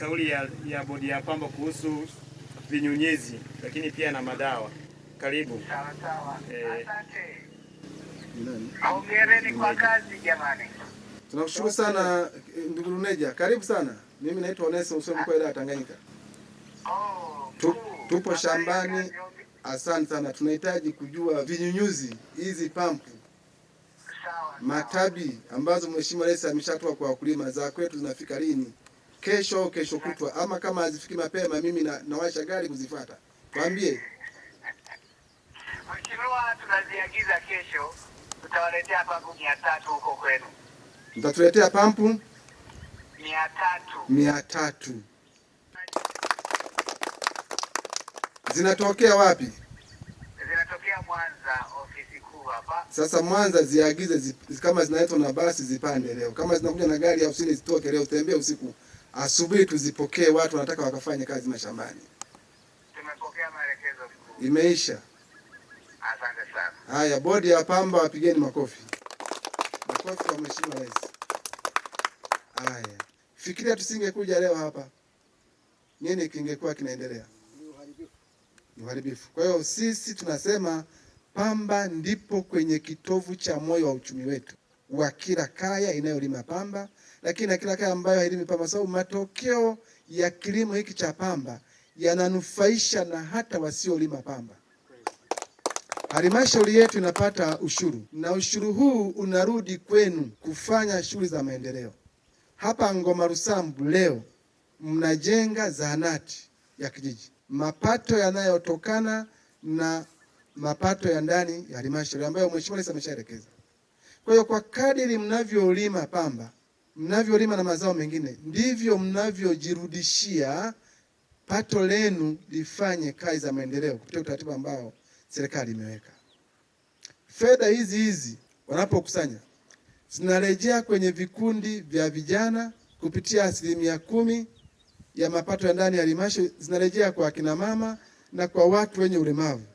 kauli ya, ya bodi ya pamba kuhusu vinyunyezi lakini pia na madawa. Karibu. Sawa Eh, Hongereni kwa kazi jamani. Tunakushukuru sana ndugu Luneja, karibu sana. Mimi naitwa Onesmo Msomi kwa wilaya Tanganyika. Oh, tupo shambani. Asante sana, tunahitaji kujua vinyunyuzi hizi pampu matabi ambazo Mheshimiwa Rais ameshatoa kwa wakulima, za kwetu zinafika lini? kesho kesho kutwa, ama kama hazifiki mapema, mimi na, nawasha gari kuzifata. Twambie Mheshimiwa, tunaziagiza kesho, tutawaletea pampu mia tatu huko kwenu. Mtatuletea pampu mia tatu mia tatu zinatokea wapi? Zinatokea Mwanza, ofisi kuu hapa. Sasa Mwanza ziagize zi, kama zinaletwa na basi zipande leo, kama zinakuja na gari ya usini zitoke leo, tembee usiku asubuhi tuzipokee, watu wanataka wakafanye kazi mashambani. Tumepokea maelekezo, imeisha. Asante sana. Haya, bodi ya pamba wapigeni makofi, makofi kwa mheshimiwa rais. Haya, fikiria tusingekuja leo hapa, nini kingekuwa kinaendelea? Ni uharibifu. Kwa hiyo sisi tunasema pamba ndipo kwenye kitovu cha moyo wa uchumi wetu wa kila kaya inayolima pamba, lakini na kila kaya ambayo hailimi pamba, sababu matokeo ya kilimo hiki cha pamba yananufaisha na hata wasiolima pamba. Halmashauri yetu inapata ushuru na ushuru huu unarudi kwenu kufanya shughuli za maendeleo. Hapa Ngoma Rusambu leo mnajenga zahanati ya kijiji, mapato yanayotokana na mapato ya ndani ya halmashauri ambayo mheshimiwa rais ameshaelekeza kwa hiyo kwa kadiri mnavyolima pamba, mnavyolima na mazao mengine, ndivyo mnavyojirudishia pato lenu lifanye kazi za maendeleo kupitia utaratibu ambao serikali imeweka. Fedha hizi hizi wanapokusanya zinarejea kwenye vikundi vya vijana kupitia asilimia kumi ya mapato ya ndani ya halmashauri, zinarejea kwa akina mama na kwa watu wenye ulemavu.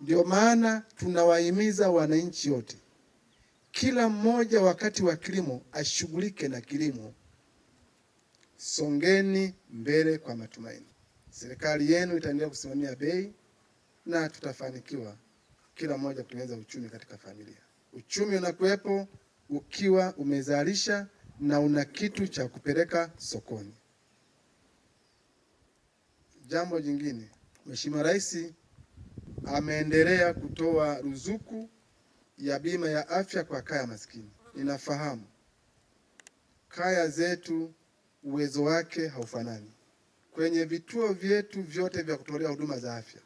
Ndio maana tunawahimiza wananchi wote kila mmoja wakati wa kilimo ashughulike na kilimo. Songeni mbele kwa matumaini. Serikali yenu itaendelea kusimamia bei na tutafanikiwa kila mmoja kutengeneza uchumi katika familia. Uchumi unakuwepo ukiwa umezalisha na una kitu cha kupeleka sokoni. Jambo jingine, Mheshimiwa Rais ameendelea kutoa ruzuku ya bima ya afya kwa kaya maskini. Ninafahamu kaya zetu uwezo wake haufanani. Kwenye vituo vyetu vyote vya kutolea huduma za afya,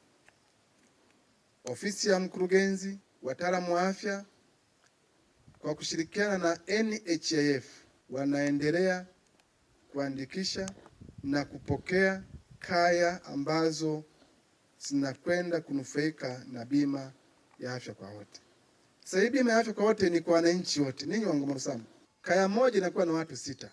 ofisi ya mkurugenzi, wataalamu wa afya kwa kushirikiana na NHIF wanaendelea kuandikisha na kupokea kaya ambazo zinakwenda kunufaika na bima ya afya kwa wote. Sasa bima ya afya kwa wote ni kwa wananchi wote, ninyi wa Ngomothambu. Kaya moja inakuwa na watu sita.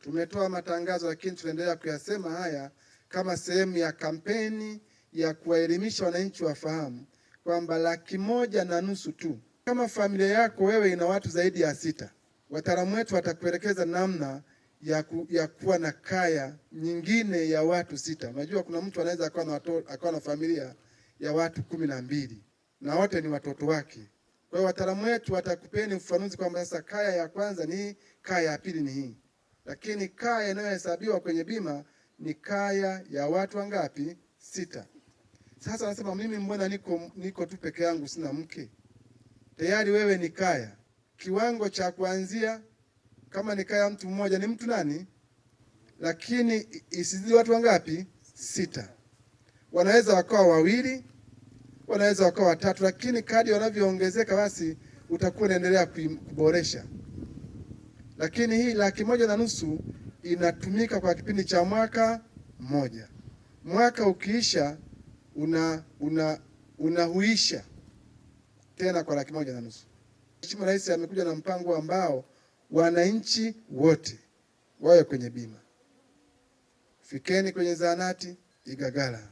Tumetoa matangazo, lakini tunaendelea kuyasema haya kama sehemu ya kampeni ya kuwaelimisha wananchi wafahamu kwamba laki moja na nusu tu. Kama familia yako wewe ina watu zaidi ya sita, wataalamu wetu watakuelekeza namna ya, ku, ya kuwa na kaya nyingine ya watu sita. Unajua kuna mtu anaweza akawa na, akawa na familia ya watu kumi na mbili na wote ni watoto wake. Kwa hiyo wataalamu wetu watakupeni ufafanuzi kwamba sasa kaya ya kwanza ni hii, kaya ya pili ni hii, lakini kaya inayohesabiwa kwenye bima ni kaya ya watu wangapi? Sita. Sasa anasema mimi mbona niko, niko tu peke yangu, sina mke. Tayari wewe ni kaya. Kiwango cha kuanzia kama ni kaya mtu mmoja ni mtu nani, lakini isizidi watu wangapi? Sita. Wanaweza wakawa wawili wanaweza wakawa watatu, lakini kadi wanavyoongezeka basi utakuwa unaendelea kuboresha. Lakini hii laki moja na nusu inatumika kwa kipindi cha mwaka mmoja. Mwaka ukiisha una una unahuisha tena kwa laki moja na nusu. Mheshimiwa Rais amekuja na mpango ambao wananchi wote wawe kwenye bima. Fikeni kwenye zahanati Igagala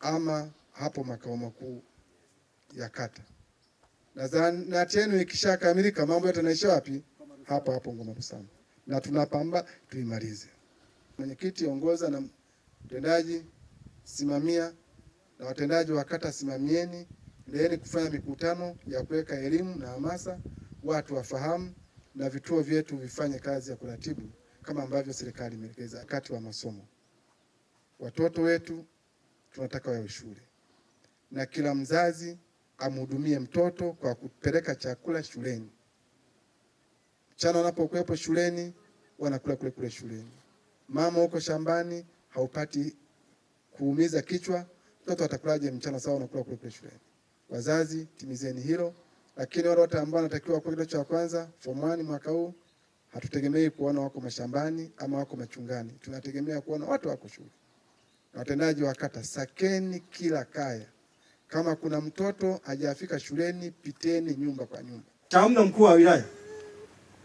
ama hapo makao makuu ya kata, na zahanati yenu ikishakamilika mambo yote yanaisha wapi? Hapo hapo Ngoma Kusama, na tunapamba tuimalize. Mwenyekiti, ongoza na mtendaji simamia, na watendaji wa kata simamieni, endeleni kufanya mikutano ya kuweka elimu na hamasa, watu wafahamu, na vituo vyetu vifanye kazi ya kuratibu kama ambavyo serikali imeelekeza wakati wa masomo. Watoto wetu tunataka wawe shule na kila mzazi amhudumie mtoto kwa kupeleka chakula shuleni. Mchana wanapokuwepo shuleni, wanakula kule kule shuleni. Mama huko shambani haupati kuumiza kichwa, mtoto atakulaje mchana? Sawa, unakula kule kule shuleni. Wazazi timizeni hilo, lakini wale wote ambao wanatakiwa kwa kidato cha kwanza form 1 mwaka huu hatutegemei kuona wako mashambani ama wako machungani, tunategemea kuona watu wako shule. Watendaji wa kata, sakeni kila kaya kama kuna mtoto hajafika shuleni, piteni nyumba kwa nyumba. Chamna mkuu wa wilaya,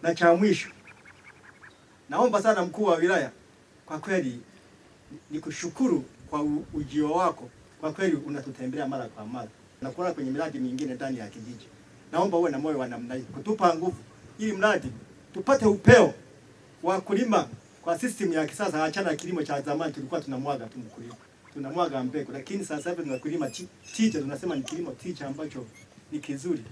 na cha mwisho naomba sana mkuu wa wilaya, kwa kweli ni kushukuru kwa ujio wako, kwa kweli unatutembelea mara kwa mara na kuona kwenye miradi mingine ndani ya kijiji. Naomba uwe na moyo wa namna hii kutupa nguvu, ili mradi tupate upeo wa kulima kwa system ya kisasa, achana kilimo cha zamani tulikuwa tunamwaga tu mkulima tunamwaga mbegu, lakini sasa hivi tunakulima ticha, tunasema ni kilimo ticha ambacho ni kizuri.